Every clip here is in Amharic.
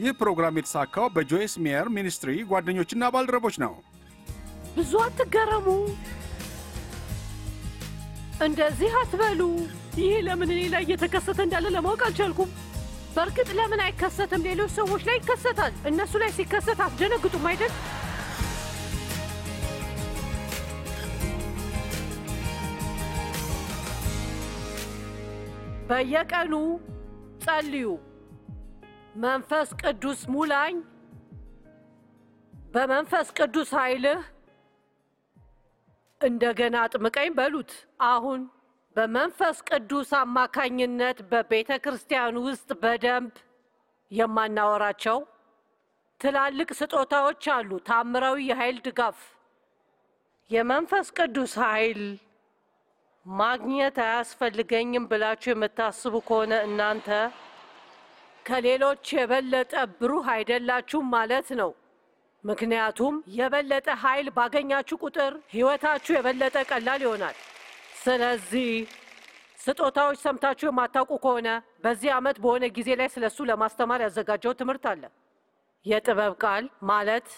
ይህ ፕሮግራም የተሳካው በጆይስ ሜየር ሚኒስትሪ ጓደኞችና ባልደረቦች ነው። ብዙ አትገረሙ፣ እንደዚህ አትበሉ። ይህ ለምን እኔ ላይ እየተከሰተ እንዳለ ለማወቅ አልቻልኩም። በእርግጥ ለምን አይከሰትም? ሌሎች ሰዎች ላይ ይከሰታል። እነሱ ላይ ሲከሰት አትደነግጡም አይደል? በየቀኑ ጸልዩ። መንፈስ ቅዱስ ሙላኝ፣ በመንፈስ ቅዱስ ኃይልህ እንደገና አጥምቀኝ በሉት። አሁን በመንፈስ ቅዱስ አማካኝነት በቤተ ክርስቲያን ውስጥ በደንብ የማናወራቸው ትላልቅ ስጦታዎች አሉ። ታምራዊ የኃይል ድጋፍ፣ የመንፈስ ቅዱስ ኃይል ማግኘት አያስፈልገኝም ብላችሁ የምታስቡ ከሆነ እናንተ ከሌሎች የበለጠ ብሩህ አይደላችሁም ማለት ነው። ምክንያቱም የበለጠ ኃይል ባገኛችሁ ቁጥር ሕይወታችሁ የበለጠ ቀላል ይሆናል። ስለዚህ ስጦታዎች ሰምታችሁ የማታውቁ ከሆነ በዚህ ዓመት በሆነ ጊዜ ላይ ስለሱ ለማስተማር ያዘጋጀው ትምህርት አለ። የጥበብ ቃል ማለት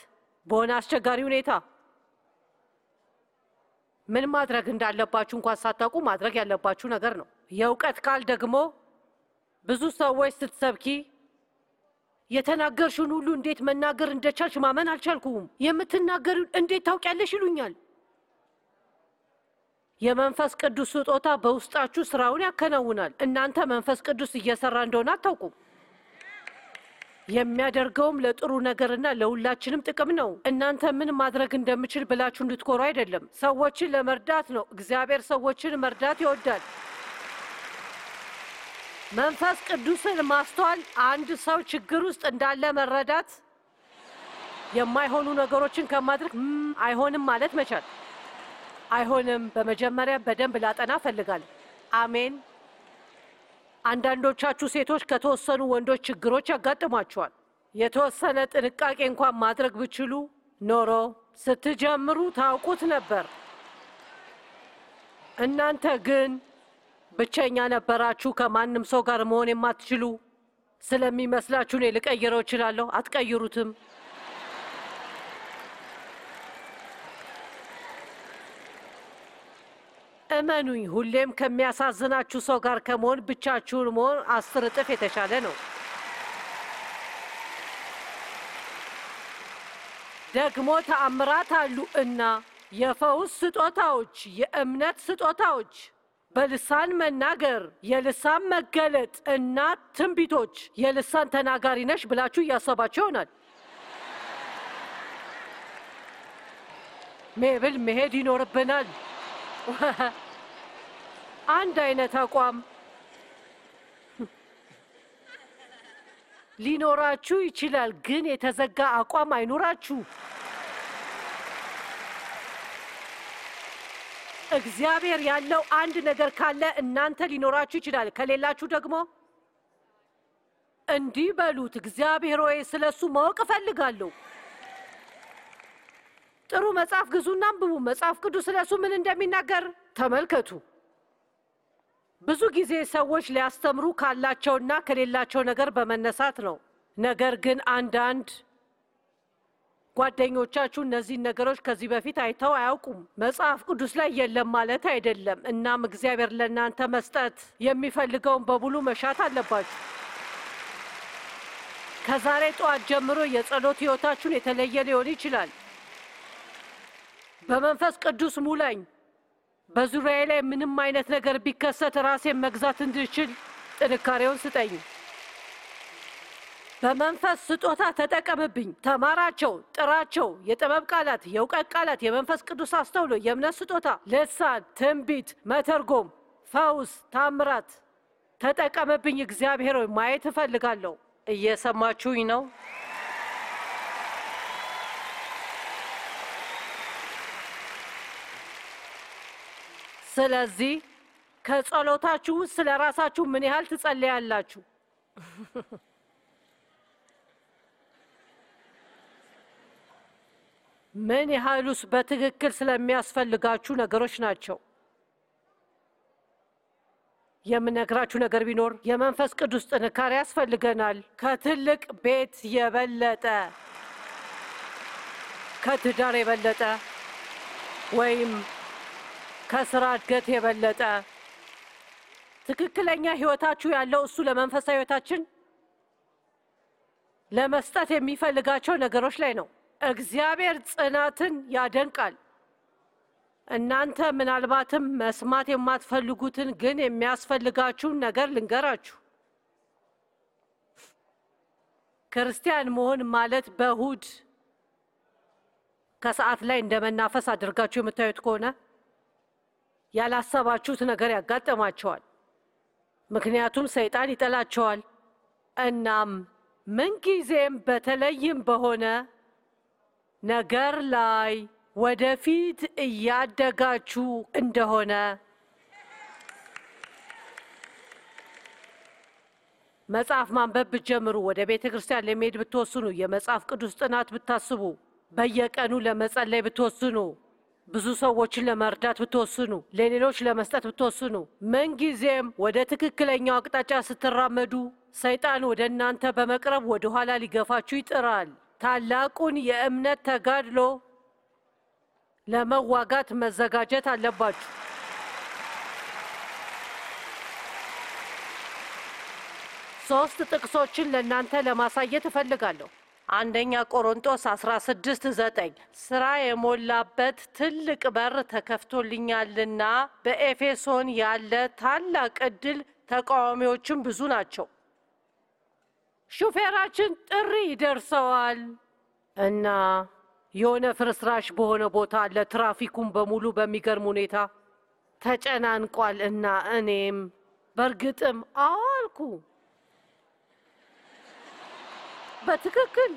በሆነ አስቸጋሪ ሁኔታ ምን ማድረግ እንዳለባችሁ እንኳን ሳታውቁ ማድረግ ያለባችሁ ነገር ነው። የእውቀት ቃል ደግሞ ብዙ ሰዎች ስትሰብኪ የተናገርሽን ሁሉ እንዴት መናገር እንደቻልሽ ማመን አልቻልኩም። የምትናገሪውን እንዴት ታውቂያለሽ ይሉኛል። የመንፈስ ቅዱስ ስጦታ በውስጣችሁ ስራውን ያከናውናል። እናንተ መንፈስ ቅዱስ እየሰራ እንደሆነ አታውቁም። የሚያደርገውም ለጥሩ ነገርና ለሁላችንም ጥቅም ነው። እናንተ ምን ማድረግ እንደምችል ብላችሁ እንድትኮሩ አይደለም፣ ሰዎችን ለመርዳት ነው። እግዚአብሔር ሰዎችን መርዳት ይወዳል። መንፈስ ቅዱስን ማስተዋል አንድ ሰው ችግር ውስጥ እንዳለ መረዳት፣ የማይሆኑ ነገሮችን ከማድረግ አይሆንም ማለት መቻል። አይሆንም በመጀመሪያ በደንብ ላጠና ፈልጋል። አሜን። አንዳንዶቻችሁ ሴቶች ከተወሰኑ ወንዶች ችግሮች ያጋጥሟቸዋል። የተወሰነ ጥንቃቄ እንኳን ማድረግ ብችሉ ኖሮ ስትጀምሩ ታውቁት ነበር። እናንተ ግን ብቸኛ ነበራችሁ፣ ከማንም ሰው ጋር መሆን የማትችሉ ስለሚመስላችሁ እኔ ልቀይረው እችላለሁ። አትቀይሩትም። እመኑኝ፣ ሁሌም ከሚያሳዝናችሁ ሰው ጋር ከመሆን ብቻችሁን መሆን አስር እጥፍ የተሻለ ነው። ደግሞ ተአምራት አሉ እና የፈውስ ስጦታዎች፣ የእምነት ስጦታዎች በልሳን መናገር፣ የልሳን መገለጥ እና ትንቢቶች የልሳን ተናጋሪ ነሽ ብላችሁ እያሰባችሁ ይሆናል። ሜብል መሄድ ይኖርብናል። አንድ አይነት አቋም ሊኖራችሁ ይችላል፣ ግን የተዘጋ አቋም አይኖራችሁ እግዚአብሔር ያለው አንድ ነገር ካለ እናንተ ሊኖራችሁ ይችላል። ከሌላችሁ ደግሞ እንዲህ በሉት፣ እግዚአብሔር ሆይ ስለ እሱ ማወቅ እፈልጋለሁ። ጥሩ መጽሐፍ ግዙና አንብቡ። መጽሐፍ ቅዱስ ስለ እሱ ምን እንደሚናገር ተመልከቱ። ብዙ ጊዜ ሰዎች ሊያስተምሩ ካላቸውና ከሌላቸው ነገር በመነሳት ነው። ነገር ግን አንዳንድ ጓደኞቻችሁ እነዚህን ነገሮች ከዚህ በፊት አይተው አያውቁም፣ መጽሐፍ ቅዱስ ላይ የለም ማለት አይደለም። እናም እግዚአብሔር ለእናንተ መስጠት የሚፈልገውን በሙሉ መሻት አለባችሁ። ከዛሬ ጠዋት ጀምሮ የጸሎት ሕይወታችሁን የተለየ ሊሆን ይችላል። በመንፈስ ቅዱስ ሙላኝ፣ በዙሪያዬ ላይ ምንም አይነት ነገር ቢከሰት ራሴን መግዛት እንድችል ጥንካሬውን ስጠኝ። በመንፈስ ስጦታ ተጠቀምብኝ፣ ተማራቸው፣ ጥራቸው፣ የጥበብ ቃላት፣ የእውቀት ቃላት፣ የመንፈስ ቅዱስ አስተውሎ፣ የእምነት ስጦታ፣ ልሳን፣ ትንቢት፣ መተርጎም፣ ፈውስ፣ ታምራት ተጠቀምብኝ። እግዚአብሔር ሆይ ማየት እፈልጋለሁ። እየሰማችሁኝ ነው? ስለዚህ ከጸሎታችሁ ስለ ራሳችሁ ምን ያህል ትጸልያላችሁ? ምን ያህሉስ በትክክል ስለሚያስፈልጋችሁ ነገሮች ናቸው። የምነግራችሁ ነገር ቢኖር የመንፈስ ቅዱስ ጥንካሬ ያስፈልገናል። ከትልቅ ቤት የበለጠ ከትዳር የበለጠ ወይም ከስራ እድገት የበለጠ ትክክለኛ ህይወታችሁ ያለው እሱ ለመንፈሳዊ ህይወታችን ለመስጠት የሚፈልጋቸው ነገሮች ላይ ነው። እግዚአብሔር ጽናትን ያደንቃል። እናንተ ምናልባትም መስማት የማትፈልጉትን ግን የሚያስፈልጋችሁን ነገር ልንገራችሁ። ክርስቲያን መሆን ማለት በእሁድ ከሰዓት ላይ እንደ መናፈስ አድርጋችሁ የምታዩት ከሆነ ያላሰባችሁት ነገር ያጋጠማቸዋል። ምክንያቱም ሰይጣን ይጠላቸዋል። እናም ምንጊዜም በተለይም በሆነ ነገር ላይ ወደፊት እያደጋችሁ እንደሆነ መጽሐፍ ማንበብ ብትጀምሩ፣ ወደ ቤተ ክርስቲያን ለመሄድ ብትወስኑ፣ የመጽሐፍ ቅዱስ ጥናት ብታስቡ፣ በየቀኑ ለመጸለይ ብትወስኑ፣ ብዙ ሰዎችን ለመርዳት ብትወስኑ፣ ለሌሎች ለመስጠት ብትወስኑ፣ ምንጊዜም ወደ ትክክለኛው አቅጣጫ ስትራመዱ ሰይጣን ወደ እናንተ በመቅረብ ወደ ኋላ ሊገፋችሁ ይጥራል። ታላቁን የእምነት ተጋድሎ ለመዋጋት መዘጋጀት አለባችሁ። ሶስት ጥቅሶችን ለእናንተ ለማሳየት እፈልጋለሁ። አንደኛ ቆሮንጦስ 16:9 ስራ የሞላበት ትልቅ በር ተከፍቶልኛልና በኤፌሶን ያለ ታላቅ ዕድል ተቃዋሚዎችም ብዙ ናቸው። ሹፌራችን ጥሪ ይደርሰዋል እና የሆነ ፍርስራሽ በሆነ ቦታ ለትራፊኩም በሙሉ በሚገርም ሁኔታ ተጨናንቋል እና እኔም በእርግጥም አዋልኩ። በትክክል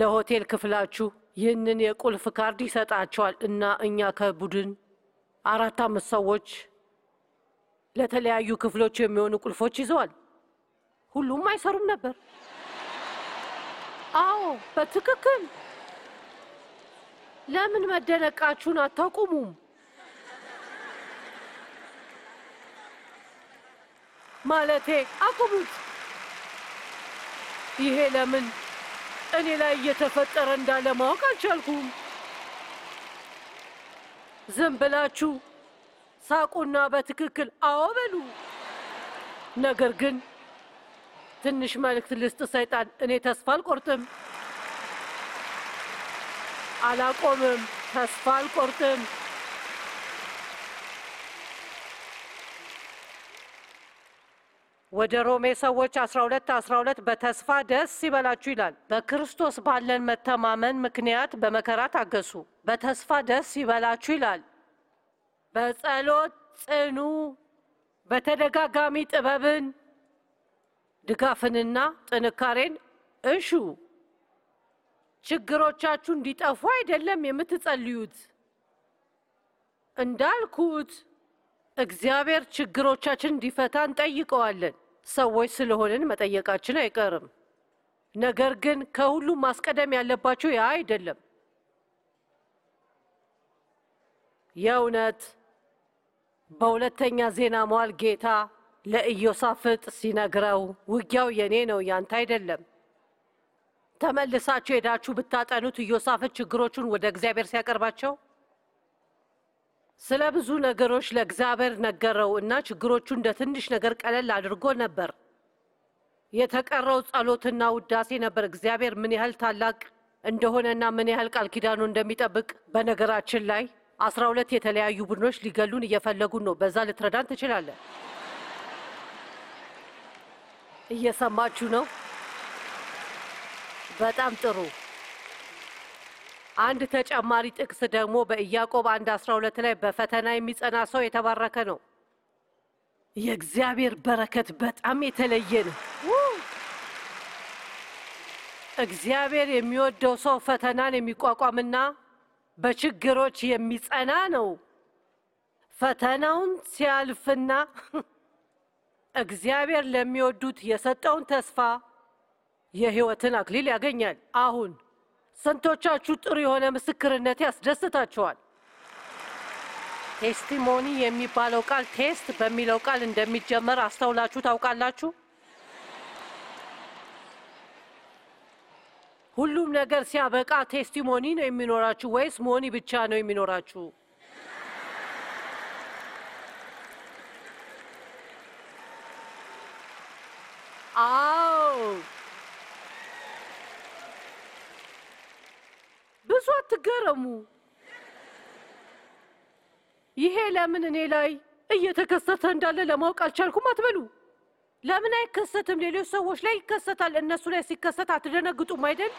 ለሆቴል ክፍላችሁ ይህንን የቁልፍ ካርድ ይሰጣቸዋል እና እኛ ከቡድን አራት አምስት ሰዎች ለተለያዩ ክፍሎች የሚሆኑ ቁልፎች ይዘዋል። ሁሉም አይሰሩም ነበር። አዎ በትክክል ለምን መደነቃችሁን አታቁሙም? ማለቴ አቁሙት። ይሄ ለምን እኔ ላይ እየተፈጠረ እንዳለ ማወቅ አልቻልኩም። ዝም ብላችሁ ሳቁና በትክክል አወበሉ። ነገር ግን ትንሽ መልእክት ልስጥ ሰይጣን፣ እኔ ተስፋ አልቆርጥም አላቆምም፣ ተስፋ አልቆርጥም። ወደ ሮሜ ሰዎች 12 12 በተስፋ ደስ ይበላችሁ ይላል። በክርስቶስ ባለን መተማመን ምክንያት በመከራ ታገሱ፣ በተስፋ ደስ ይበላችሁ ይላል። በጸሎት ጽኑ፣ በተደጋጋሚ ጥበብን ድጋፍንና ጥንካሬን እሹ። ችግሮቻችሁ እንዲጠፉ አይደለም የምትጸልዩት። እንዳልኩት እግዚአብሔር ችግሮቻችን እንዲፈታ እንጠይቀዋለን። ሰዎች ስለሆንን መጠየቃችን አይቀርም። ነገር ግን ከሁሉም ማስቀደም ያለባቸው ያ አይደለም የእውነት በሁለተኛ ዜና መዋል ጌታ ለኢዮሳፍጥ ሲነግረው ውጊያው የኔ ነው ያንተ አይደለም። ተመልሳችሁ ሄዳችሁ ብታጠኑት ኢዮሳፍጥ ችግሮቹን ወደ እግዚአብሔር ሲያቀርባቸው ስለ ብዙ ነገሮች ለእግዚአብሔር ነገረው እና ችግሮቹ እንደ ትንሽ ነገር ቀለል አድርጎ ነበር። የተቀረው ጸሎትና ውዳሴ ነበር። እግዚአብሔር ምን ያህል ታላቅ እንደሆነና ምን ያህል ቃል ኪዳኑ እንደሚጠብቅ በነገራችን ላይ አስራ ሁለት የተለያዩ ቡድኖች ሊገሉን እየፈለጉን ነው። በዛ ልትረዳን ትችላለን። እየሰማችሁ ነው? በጣም ጥሩ። አንድ ተጨማሪ ጥቅስ ደግሞ በኢያቆብ አንድ አስራ ሁለት ላይ በፈተና የሚጸና ሰው የተባረከ ነው። የእግዚአብሔር በረከት በጣም የተለየ ነው። እግዚአብሔር የሚወደው ሰው ፈተናን የሚቋቋምና በችግሮች የሚጸና ነው። ፈተናውን ሲያልፍና እግዚአብሔር ለሚወዱት የሰጠውን ተስፋ የሕይወትን አክሊል ያገኛል። አሁን ስንቶቻችሁ ጥሩ የሆነ ምስክርነት ያስደስታችኋል? ቴስቲሞኒ የሚባለው ቃል ቴስት በሚለው ቃል እንደሚጀመር አስተውላችሁ ታውቃላችሁ? ሁሉም ነገር ሲያበቃ ቴስቲሞኒ ነው የሚኖራችሁ ወይስ ሞኒ ብቻ ነው የሚኖራችሁ? አዎ ብዙ አትገረሙ። ይሄ ለምን እኔ ላይ እየተከሰተ እንዳለ ለማወቅ አልቻልኩም አትበሉ። ለምን አይከሰትም? ሌሎች ሰዎች ላይ ይከሰታል። እነሱ ላይ ሲከሰት አትደነግጡም አይደል?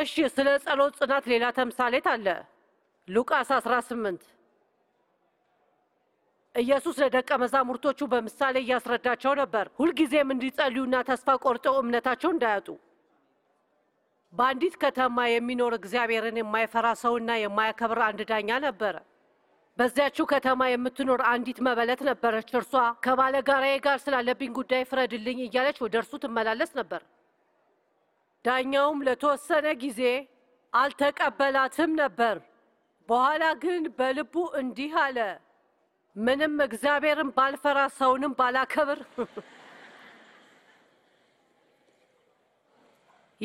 እሺ፣ ስለ ጸሎት ጽናት ሌላ ተምሳሌት አለ። ሉቃስ 18 ኢየሱስ ለደቀ መዛሙርቶቹ በምሳሌ እያስረዳቸው ነበር፣ ሁልጊዜም እንዲጸልዩና ተስፋ ቆርጠው እምነታቸው እንዳያጡ በአንዲት ከተማ የሚኖር እግዚአብሔርን የማይፈራ ሰውና የማያከብር አንድ ዳኛ ነበረ። በዚያችው ከተማ የምትኖር አንዲት መበለት ነበረች። እርሷ ከባለ ጋራዬ ጋር ስላለብኝ ጉዳይ ፍረድልኝ እያለች ወደ እርሱ ትመላለስ ነበር። ዳኛውም ለተወሰነ ጊዜ አልተቀበላትም ነበር። በኋላ ግን በልቡ እንዲህ አለ፣ ምንም እግዚአብሔርን ባልፈራ ሰውንም ባላከብር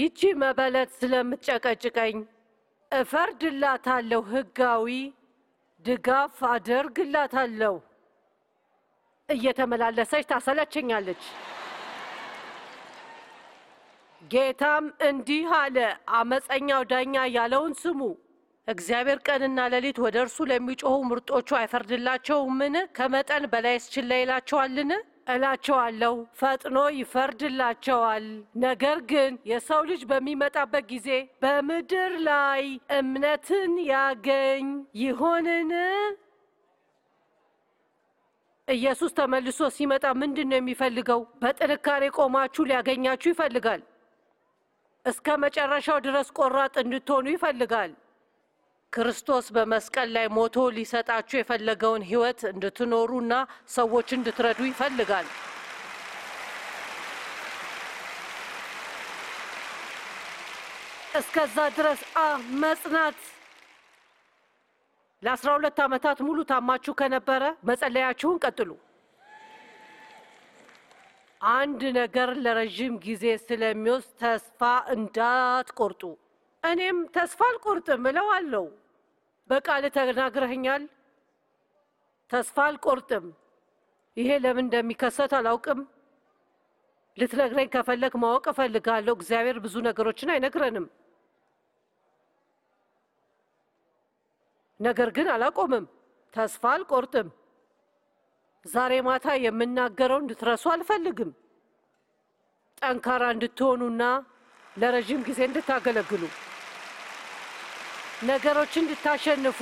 ይቺ መበለት ስለምትጨቀጭቀኝ እፈርድላታለሁ፣ ህጋዊ ድጋፍ አደርግላታለሁ። እየተመላለሰች ታሰለቸኛለች። ጌታም እንዲህ አለ፣ አመፀኛው ዳኛ ያለውን ስሙ። እግዚአብሔር ቀንና ሌሊት ወደ እርሱ ለሚጮኹ ምርጦቹ አይፈርድላቸውምን? ከመጠን በላይስ ችላ ይላቸዋልን? እላቸዋለሁ ፈጥኖ ይፈርድላቸዋል። ነገር ግን የሰው ልጅ በሚመጣበት ጊዜ በምድር ላይ እምነትን ያገኝ ይሆንን? ኢየሱስ ተመልሶ ሲመጣ ምንድን ነው የሚፈልገው? በጥንካሬ ቆማችሁ ሊያገኛችሁ ይፈልጋል። እስከ መጨረሻው ድረስ ቆራጥ እንድትሆኑ ይፈልጋል። ክርስቶስ በመስቀል ላይ ሞቶ ሊሰጣችሁ የፈለገውን ሕይወት እንድትኖሩና ሰዎች እንድትረዱ ይፈልጋል። እስከዛ ድረስ መጽናት ለአስራ ሁለት ዓመታት ሙሉ ታማችሁ ከነበረ መጸለያችሁን ቀጥሉ። አንድ ነገር ለረዥም ጊዜ ስለሚወስድ ተስፋ እንዳትቆርጡ። እኔም ተስፋ አልቆርጥም እለዋለሁ። በቃል ተናግረህኛል። ተስፋ አልቆርጥም። ይሄ ለምን እንደሚከሰት አላውቅም። ልትነግረኝ ከፈለግ ማወቅ እፈልጋለሁ። እግዚአብሔር ብዙ ነገሮችን አይነግረንም። ነገር ግን አላቆምም። ተስፋ አልቆርጥም። ዛሬ ማታ የምናገረው እንድትረሱ አልፈልግም። ጠንካራ እንድትሆኑና ለረዥም ጊዜ እንድታገለግሉ ነገሮች እንድታሸንፉ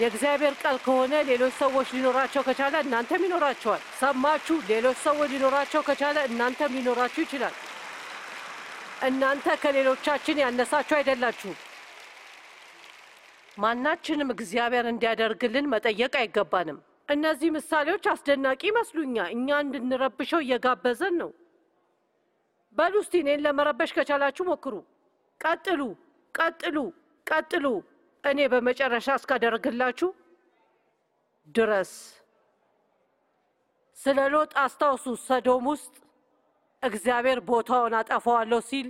የእግዚአብሔር ቃል ከሆነ ሌሎች ሰዎች ሊኖራቸው ከቻለ እናንተም ይኖራቸዋል። ሰማችሁ? ሌሎች ሰዎች ሊኖራቸው ከቻለ እናንተም ሊኖራችሁ ይችላል። እናንተ ከሌሎቻችን ያነሳችሁ አይደላችሁም። ማናችንም እግዚአብሔር እንዲያደርግልን መጠየቅ አይገባንም። እነዚህ ምሳሌዎች አስደናቂ ይመስሉኛ እኛ እንድንረብሸው እየጋበዘን ነው። በሉ እኔን ለመረበሽ ከቻላችሁ ሞክሩ። ቀጥሉ፣ ቀጥሉ። ቀጥሉ፣ እኔ በመጨረሻ እስካደርግላችሁ ድረስ። ስለ ሎጥ አስታውሱ። ሰዶም ውስጥ እግዚአብሔር ቦታውን አጠፋዋለሁ ሲል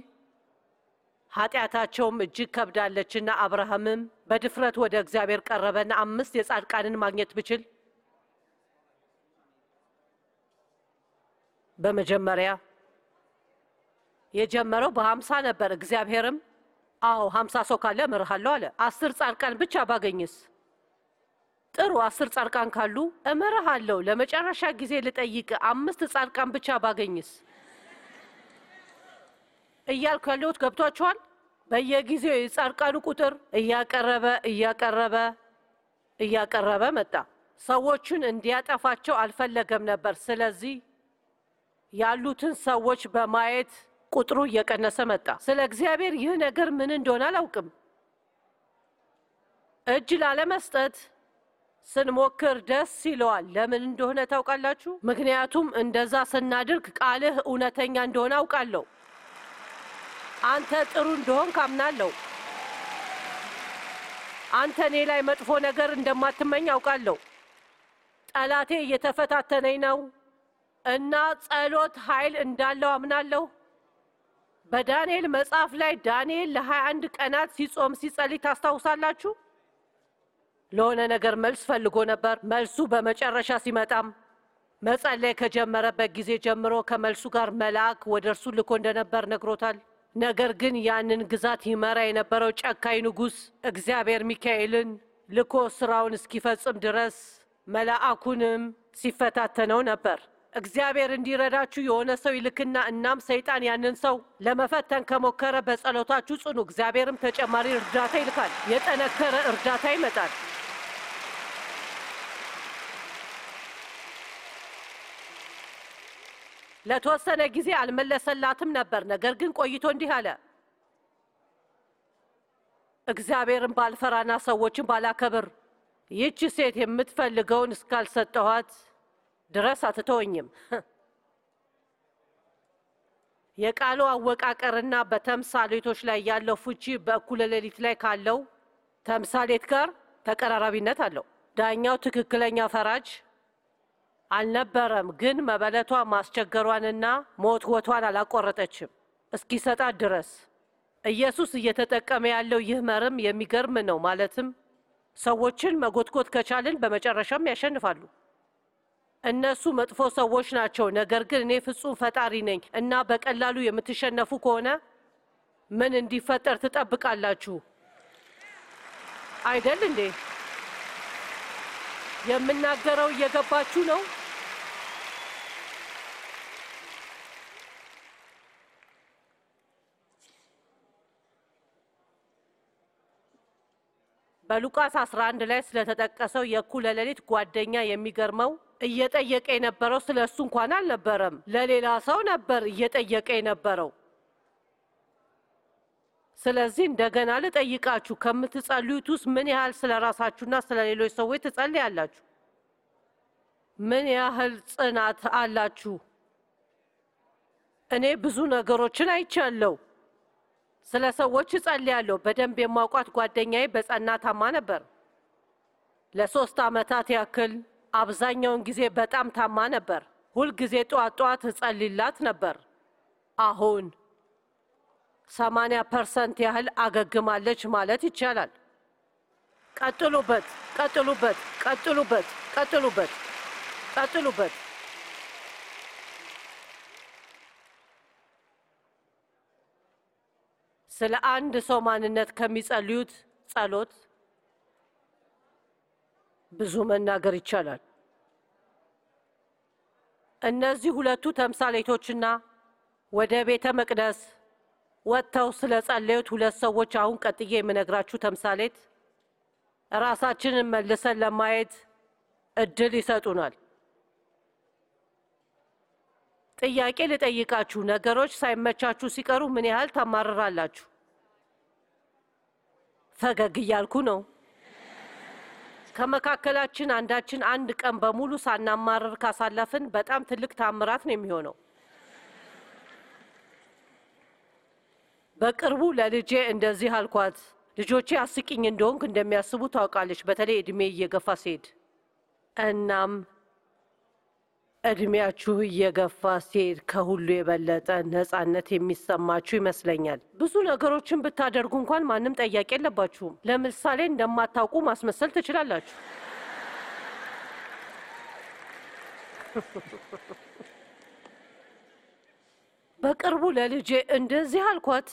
ኃጢአታቸውም እጅግ ከብዳለችና አብርሃምም በድፍረት ወደ እግዚአብሔር ቀረበና አምስት የጻድቃንን ማግኘት ብችል በመጀመሪያ የጀመረው በሀምሳ ነበር። እግዚአብሔርም አዎ ሀምሳ ሰው ካለ እመርሃለሁ አለ። አስር ጻድቃን ብቻ ባገኝስ? ጥሩ አስር ጻድቃን ካሉ እመርሃለሁ። ለመጨረሻ ጊዜ ልጠይቅ፣ አምስት ጻድቃን ብቻ ባገኝስ? እያልኩ ያለሁት ገብቷችኋል? በየጊዜው የጻድቃኑ ቁጥር እያቀረበ እያቀረበ እያቀረበ መጣ። ሰዎችን እንዲያጠፋቸው አልፈለገም ነበር። ስለዚህ ያሉትን ሰዎች በማየት ቁጥሩ እየቀነሰ መጣ። ስለ እግዚአብሔር ይህ ነገር ምን እንደሆነ አላውቅም። እጅ ላለመስጠት ስንሞክር ደስ ይለዋል። ለምን እንደሆነ ታውቃላችሁ? ምክንያቱም እንደዛ ስናድርግ ቃልህ እውነተኛ እንደሆነ አውቃለሁ። አንተ ጥሩ እንደሆን ካምናለሁ። አንተ እኔ ላይ መጥፎ ነገር እንደማትመኝ አውቃለሁ። ጠላቴ እየተፈታተነኝ ነው እና ጸሎት ኃይል እንዳለው አምናለሁ። በዳንኤል መጽሐፍ ላይ ዳንኤል ለ21 ቀናት ሲጾም ሲጸልይ ታስታውሳላችሁ። ለሆነ ነገር መልስ ፈልጎ ነበር። መልሱ በመጨረሻ ሲመጣም መጸለይ ከጀመረበት ጊዜ ጀምሮ ከመልሱ ጋር መልአክ ወደ እርሱ ልኮ እንደነበር ነግሮታል። ነገር ግን ያንን ግዛት ይመራ የነበረው ጨካኝ ንጉሥ እግዚአብሔር ሚካኤልን ልኮ ስራውን እስኪፈጽም ድረስ መልአኩንም ሲፈታተነው ነበር። እግዚአብሔር እንዲረዳችሁ የሆነ ሰው ይልክና እናም ሰይጣን ያንን ሰው ለመፈተን ከሞከረ በጸሎታችሁ ጽኑ። እግዚአብሔርም ተጨማሪ እርዳታ ይልካል። የጠነከረ እርዳታ ይመጣል። ለተወሰነ ጊዜ አልመለሰላትም ነበር። ነገር ግን ቆይቶ እንዲህ አለ፣ እግዚአብሔርን ባልፈራና ሰዎችን ባላከብር ይህች ሴት የምትፈልገውን እስካልሰጠኋት ድረስ አትተወኝም። የቃሉ አወቃቀርና በተምሳሌቶች ላይ ያለው ፍቺ በእኩለ ሌሊት ላይ ካለው ተምሳሌት ጋር ተቀራራቢነት አለው። ዳኛው ትክክለኛ ፈራጅ አልነበረም፣ ግን መበለቷ ማስቸገሯንና ወቷን አላቆረጠችም እስኪሰጣት ድረስ። ኢየሱስ እየተጠቀመ ያለው ይህ መርም የሚገርም ነው። ማለትም ሰዎችን መጎትጎት ከቻልን በመጨረሻም ያሸንፋሉ። እነሱ መጥፎ ሰዎች ናቸው፣ ነገር ግን እኔ ፍጹም ፈጣሪ ነኝ እና በቀላሉ የምትሸነፉ ከሆነ ምን እንዲፈጠር ትጠብቃላችሁ? አይደል እንዴ? የምናገረው እየገባችሁ ነው? በሉቃስ 11 ላይ ስለተጠቀሰው የእኩለ ሌሊት ጓደኛ የሚገርመው እየጠየቀ የነበረው ስለ እሱ እንኳን አልነበረም፣ ለሌላ ሰው ነበር እየጠየቀ የነበረው። ስለዚህ እንደገና ልጠይቃችሁ፣ ከምትጸልዩት ውስጥ ምን ያህል ስለ ራሳችሁና ስለ ሌሎች ሰዎች ትጸልያላችሁ? ምን ያህል ጽናት አላችሁ? እኔ ብዙ ነገሮችን አይቻለሁ። ስለ ሰዎች እጸልያለሁ። በደንብ የማውቋት ጓደኛዬ በጸና ታማ ነበር። ለሶስት ዓመታት ያክል አብዛኛውን ጊዜ በጣም ታማ ነበር። ሁልጊዜ ጠዋት ጠዋት እጸልይላት ነበር። አሁን ሰማንያ ፐርሰንት ያህል አገግማለች ማለት ይቻላል። ቀጥሉበት፣ ቀጥሉበት፣ ቀጥሉበት፣ ቀጥሉበት፣ ቀጥሉበት። ስለ አንድ ሰው ማንነት ከሚጸልዩት ጸሎት ብዙ መናገር ይቻላል። እነዚህ ሁለቱ ተምሳሌቶችና ወደ ቤተ መቅደስ ወጥተው ስለ ጸለዩት ሁለት ሰዎች አሁን ቀጥዬ የምነግራችሁ ተምሳሌት ራሳችንን መልሰን ለማየት እድል ይሰጡናል። ጥያቄ ልጠይቃችሁ። ነገሮች ሳይመቻችሁ ሲቀሩ ምን ያህል ታማርራላችሁ? ፈገግ እያልኩ ነው። ከመካከላችን አንዳችን አንድ ቀን በሙሉ ሳናማርር ካሳለፍን በጣም ትልቅ ታምራት ነው የሚሆነው። በቅርቡ ለልጄ እንደዚህ አልኳት። ልጆቼ አስቂኝ እንደሆንክ እንደሚያስቡ ታውቃለች፣ በተለይ እድሜ እየገፋ ሲሄድ እናም እድሜያችሁ እየገፋ ሲሄድ ከሁሉ የበለጠ ነጻነት የሚሰማችሁ ይመስለኛል። ብዙ ነገሮችን ብታደርጉ እንኳን ማንም ጠያቂ የለባችሁም። ለምሳሌ እንደማታውቁ ማስመሰል ትችላላችሁ። በቅርቡ ለልጄ እንደዚህ አልኳት።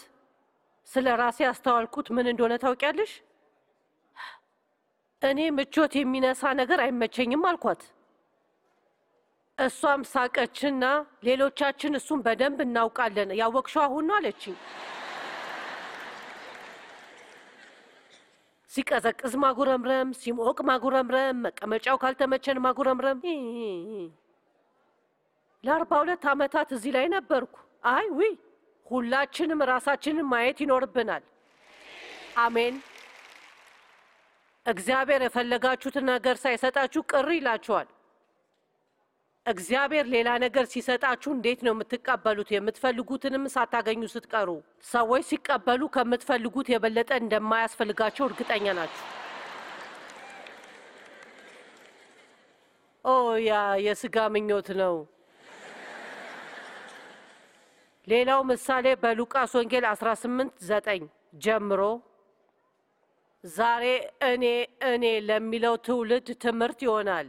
ስለ ራሴ ያስተዋልኩት ምን እንደሆነ ታውቂያለሽ? እኔ ምቾት የሚነሳ ነገር አይመቸኝም አልኳት። እሷም ሳቀችና ሌሎቻችን እሱን በደንብ እናውቃለን፣ ያወቅሽው አሁን ነው አለችኝ። ሲቀዘቅዝ ማጉረምረም፣ ሲሞቅ ማጉረምረም፣ መቀመጫው ካልተመቸን ማጉረምረም። ለአርባ ሁለት ዓመታት እዚህ ላይ ነበርኩ። አይ ዊ ሁላችንም ራሳችንን ማየት ይኖርብናል። አሜን። እግዚአብሔር የፈለጋችሁትን ነገር ሳይሰጣችሁ ቅር ይላችኋል። እግዚአብሔር ሌላ ነገር ሲሰጣችሁ እንዴት ነው የምትቀበሉት? የምትፈልጉትንም ሳታገኙ ስትቀሩ ሰዎች ሲቀበሉ ከምትፈልጉት የበለጠ እንደማያስፈልጋቸው እርግጠኛ ናችሁ። ኦ ያ የስጋ ምኞት ነው። ሌላው ምሳሌ በሉቃስ ወንጌል 18 9 ጀምሮ ዛሬ እኔ እኔ ለሚለው ትውልድ ትምህርት ይሆናል።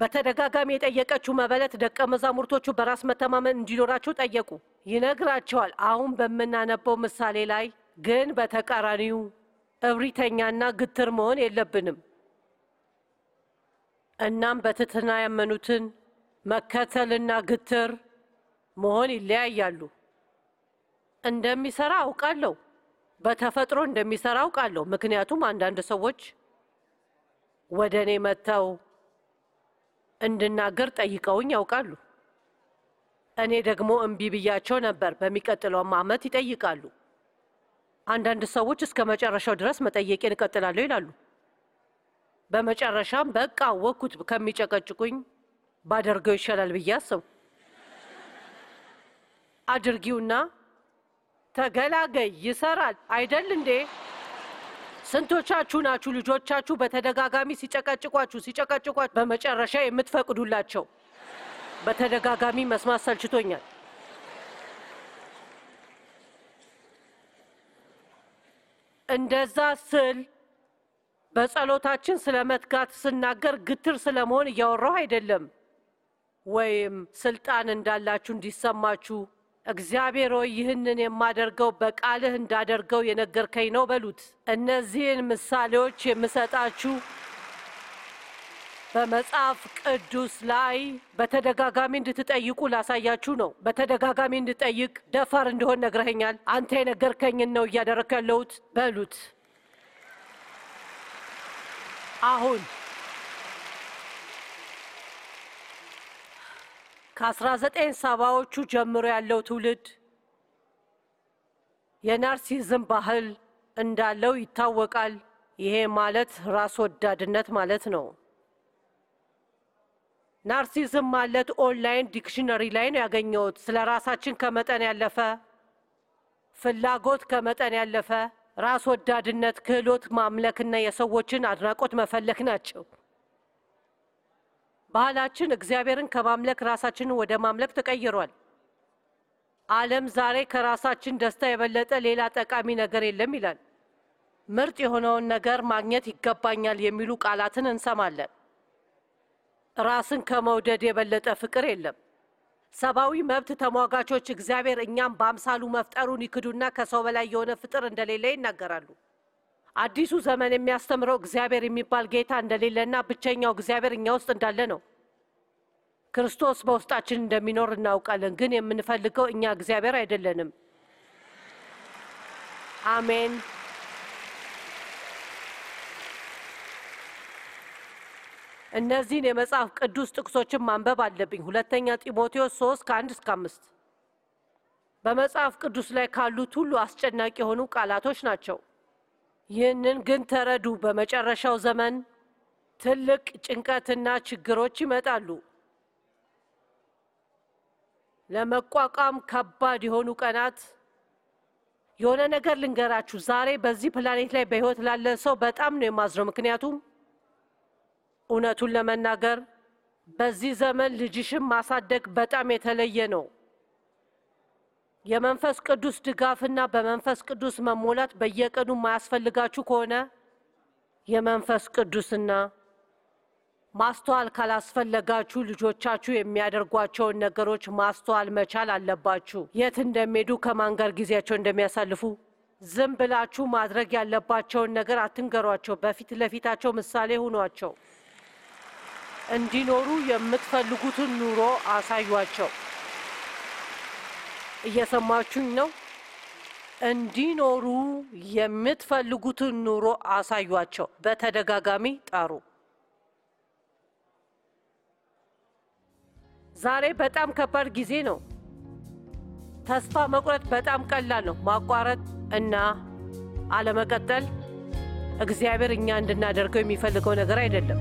በተደጋጋሚ የጠየቀችው መበለት ደቀ መዛሙርቶቹ በራስ መተማመን እንዲኖራቸው ጠየቁ፣ ይነግራቸዋል። አሁን በምናነበው ምሳሌ ላይ ግን በተቃራኒው እብሪተኛና ግትር መሆን የለብንም። እናም በትህትና ያመኑትን መከተልና ግትር መሆን ይለያያሉ። እንደሚሰራ አውቃለሁ። በተፈጥሮ እንደሚሰራ አውቃለሁ። ምክንያቱም አንዳንድ ሰዎች ወደ እኔ መጥተው እንድናገር ጠይቀውኝ ያውቃሉ። እኔ ደግሞ እምቢ ብያቸው ነበር። በሚቀጥለውም ዓመት ይጠይቃሉ። አንዳንድ ሰዎች እስከ መጨረሻው ድረስ መጠየቄን እቀጥላለሁ ይላሉ። በመጨረሻም በቃ አወቅኩት፣ ከሚጨቀጭቁኝ ባደርገው ይሻላል ብዬ አሰብኩ። አድርጊውና ተገላገይ፣ ይሰራል አይደል እንዴ? ስንቶቻችሁ ናችሁ ልጆቻችሁ በተደጋጋሚ ሲጨቀጭቋችሁ ሲጨቀጭቋችሁ በመጨረሻ የምትፈቅዱላቸው? በተደጋጋሚ መስማት ሰልችቶኛል። እንደዛ ስል በጸሎታችን ስለ መትጋት ስናገር ግትር ስለመሆን እያወራሁ አይደለም። ወይም ስልጣን እንዳላችሁ እንዲሰማችሁ እግዚአብሔር ሆይ ይህንን የማደርገው በቃልህ እንዳደርገው የነገርከኝ ነው በሉት። እነዚህን ምሳሌዎች የምሰጣችሁ በመጽሐፍ ቅዱስ ላይ በተደጋጋሚ እንድትጠይቁ ላሳያችሁ ነው። በተደጋጋሚ እንድጠይቅ ደፋር እንደሆን ነግረኸኛል። አንተ የነገርከኝን ነው እያደረግኩ ያለሁት በሉት አሁን ከ1970ዎቹ ጀምሮ ያለው ትውልድ የናርሲዝም ባህል እንዳለው ይታወቃል። ይሄ ማለት ራስ ወዳድነት ማለት ነው። ናርሲዝም ማለት ኦንላይን ዲክሽነሪ ላይ ነው ያገኘሁት። ስለ ራሳችን ከመጠን ያለፈ ፍላጎት፣ ከመጠን ያለፈ ራስ ወዳድነት፣ ክህሎት ማምለክና የሰዎችን አድናቆት መፈለግ ናቸው። ባህላችን እግዚአብሔርን ከማምለክ ራሳችንን ወደ ማምለክ ተቀይሯል። ዓለም ዛሬ ከራሳችን ደስታ የበለጠ ሌላ ጠቃሚ ነገር የለም ይላል። ምርጥ የሆነውን ነገር ማግኘት ይገባኛል የሚሉ ቃላትን እንሰማለን። ራስን ከመውደድ የበለጠ ፍቅር የለም። ሰብአዊ መብት ተሟጋቾች እግዚአብሔር እኛም በአምሳሉ መፍጠሩን ይክዱና ከሰው በላይ የሆነ ፍጥር እንደሌለ ይናገራሉ። አዲሱ ዘመን የሚያስተምረው እግዚአብሔር የሚባል ጌታ እንደሌለና ብቸኛው እግዚአብሔር እኛ ውስጥ እንዳለ ነው። ክርስቶስ በውስጣችን እንደሚኖር እናውቃለን፣ ግን የምንፈልገው እኛ እግዚአብሔር አይደለንም። አሜን። እነዚህን የመጽሐፍ ቅዱስ ጥቅሶችን ማንበብ አለብኝ። ሁለተኛ ጢሞቴዎስ 3 ከአንድ እስከ አምስት በመጽሐፍ ቅዱስ ላይ ካሉት ሁሉ አስጨናቂ የሆኑ ቃላቶች ናቸው። ይህንን ግን ተረዱ። በመጨረሻው ዘመን ትልቅ ጭንቀትና ችግሮች ይመጣሉ። ለመቋቋም ከባድ የሆኑ ቀናት። የሆነ ነገር ልንገራችሁ። ዛሬ በዚህ ፕላኔት ላይ በሕይወት ላለ ሰው በጣም ነው የማዝነው። ምክንያቱም እውነቱን ለመናገር በዚህ ዘመን ልጅሽን ማሳደግ በጣም የተለየ ነው። የመንፈስ ቅዱስ ድጋፍና በመንፈስ ቅዱስ መሞላት በየቀኑ ማያስፈልጋችሁ ከሆነ የመንፈስ ቅዱስና ማስተዋል ካላስፈለጋችሁ ልጆቻችሁ የሚያደርጓቸውን ነገሮች ማስተዋል መቻል አለባችሁ። የት እንደሚሄዱ ከማን ጋር ጊዜያቸው እንደሚያሳልፉ ዝም ብላችሁ ማድረግ ያለባቸውን ነገር አትንገሯቸው። በፊት ለፊታቸው ምሳሌ ሁኗቸው። እንዲኖሩ የምትፈልጉትን ኑሮ አሳዩቸው። እየሰማችሁኝ ነው። እንዲኖሩ የምትፈልጉትን ኑሮ አሳዩቸው። በተደጋጋሚ ጣሩ። ዛሬ በጣም ከባድ ጊዜ ነው። ተስፋ መቁረጥ በጣም ቀላል ነው። ማቋረጥ እና አለመቀጠል እግዚአብሔር እኛ እንድናደርገው የሚፈልገው ነገር አይደለም።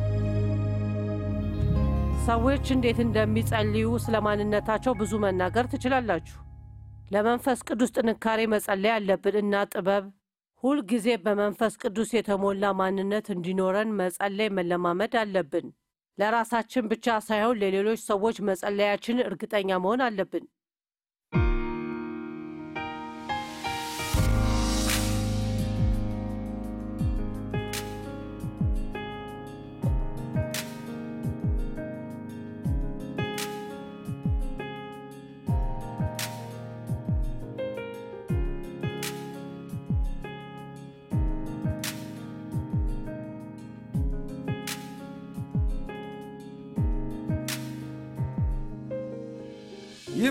ሰዎች እንዴት እንደሚጸልዩ ስለ ማንነታቸው ብዙ መናገር ትችላላችሁ። ለመንፈስ ቅዱስ ጥንካሬ መጸለይ አለብን እና ጥበብ። ሁልጊዜ በመንፈስ ቅዱስ የተሞላ ማንነት እንዲኖረን መጸለይ መለማመድ አለብን። ለራሳችን ብቻ ሳይሆን ለሌሎች ሰዎች መጸለያችን እርግጠኛ መሆን አለብን።